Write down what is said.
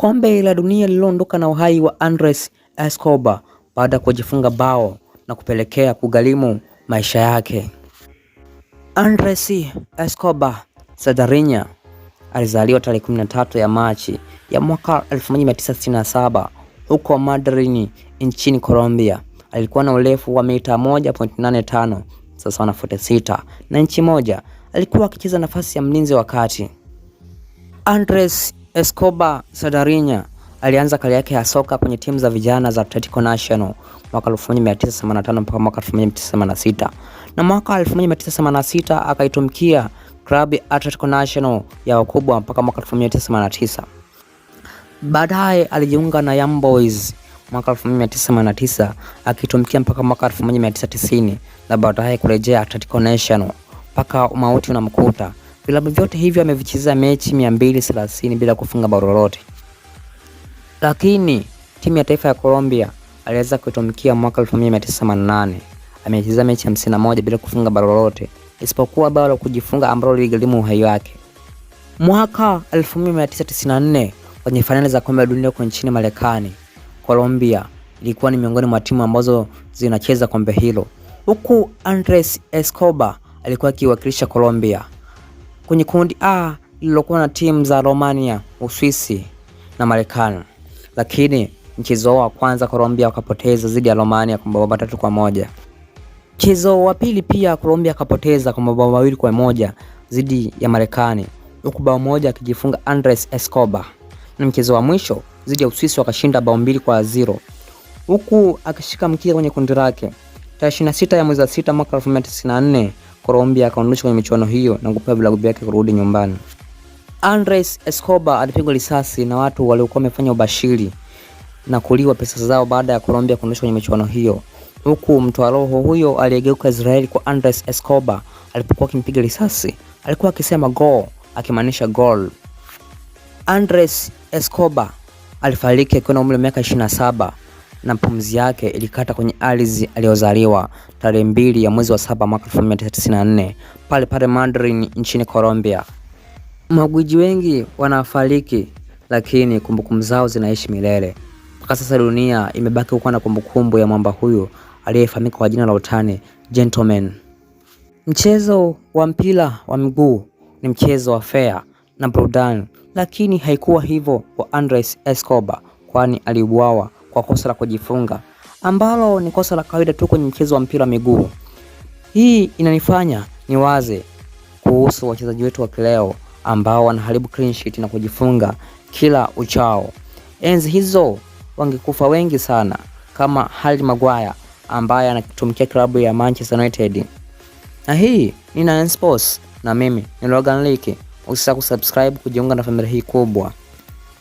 Kombe la dunia lililoondoka na uhai wa Andres Escobar baada ya kujifunga bao na kupelekea kugharimu maisha yake. Andres Escobar Sadarinya alizaliwa tarehe 13 ya Machi ya mwaka 1967 huko Medellin nchini Colombia. Alikuwa na urefu wa mita 1.85 sawa na futi sita na inchi moja. Alikuwa akicheza nafasi ya mlinzi wa kati. Andres Escobar Sadarinya alianza kari yake ya soka kwenye timu za vijana za Atletico Nacional mwaka 1985 mpaka mwaka 1986 na mwaka 1986 akaitumikia klabu ya Atletico Nacional ya wakubwa mpaka mwaka 1989. Baadaye alijiunga na Young Boys mwaka 1989 akitumikia mpaka mwaka 1990 na baadaye kurejea Atletico Nacional mpaka mauti unamkuta. Vilabu vyote hivyo amevicheza mechi 230 bila kufunga bao lolote, lakini timu ya taifa ya Colombia aliweza kuitumikia mwaka 1988 amecheza mechi 51 bila kufunga bao lolote isipokuwa bao la kujifunga ambalo liligharimu uhai wake. Mwaka 1994 kwenye fainali za kombe la dunia huko nchini Marekani, Colombia ilikuwa ni miongoni mwa timu ambazo zinacheza kombe hilo, huku Andres Escobar alikuwa akiwakilisha Colombia kwenye kundi A lililokuwa na timu za Romania, Uswisi na Marekani, lakini mchezo wa kwanza Colombia wakapoteza dhidi ya Romania kwa mabao matatu kwa moja. Mchezo wa pili pia Colombia akapoteza kwa mabao mawili kwa moja dhidi ya Marekani, huku bao moja akijifunga Andres Escobar, na mchezo wa mwisho dhidi ya Uswisi wakashinda bao mbili kwa zero, huku akishika mkia kwenye kundi lake. Tarehe 26 ya mwezi wa 6 mwaka 1994 Colombia akaondoshwa kwenye michuano hiyo na kupewa vilabu vyake kurudi nyumbani. Andres Escobar alipigwa risasi na watu waliokuwa wamefanya ubashiri na kuliwa pesa zao baada ya Colombia kuondoshwa kwenye michuano hiyo, huku mtoa roho huyo aliyegeuka Israeli kwa Andres Escobar alipokuwa akimpiga risasi alikuwa akisema go, akimaanisha goal. Andres Escobar alifariki akiwa na umri wa miaka 27 na pumzi yake ilikata kwenye ardhi aliyozaliwa tarehe mbili ya mwezi wa saba mwaka 1994 pale pale Mandarin nchini Colombia. Magwiji wengi wanafariki, lakini kumbukumbu zao zinaishi milele. Mpaka sasa dunia imebaki kuwa na kumbukumbu ya mwamba huyu aliyefahamika kwa jina la utani Gentleman. Mchezo wa mpira wa miguu ni mchezo wa fair na burudani, lakini haikuwa hivyo kwa Andres Escobar, kwani aliuawa kwa kosa la kujifunga ambalo ni kosa la kawaida tu kwenye mchezo wa mpira wa miguu. Hii inanifanya niwaze kuhusu wachezaji wetu wa kileo ambao wanaharibu clean sheet na kujifunga kila uchao. Enzi hizo wangekufa wengi sana, kama Harry Maguire ambaye anatumikia klabu ya Manchester United. Na hii ni Nine Sports na mimi ni Logan Lake. Usisahau kusubscribe kujiunga na familia hii kubwa.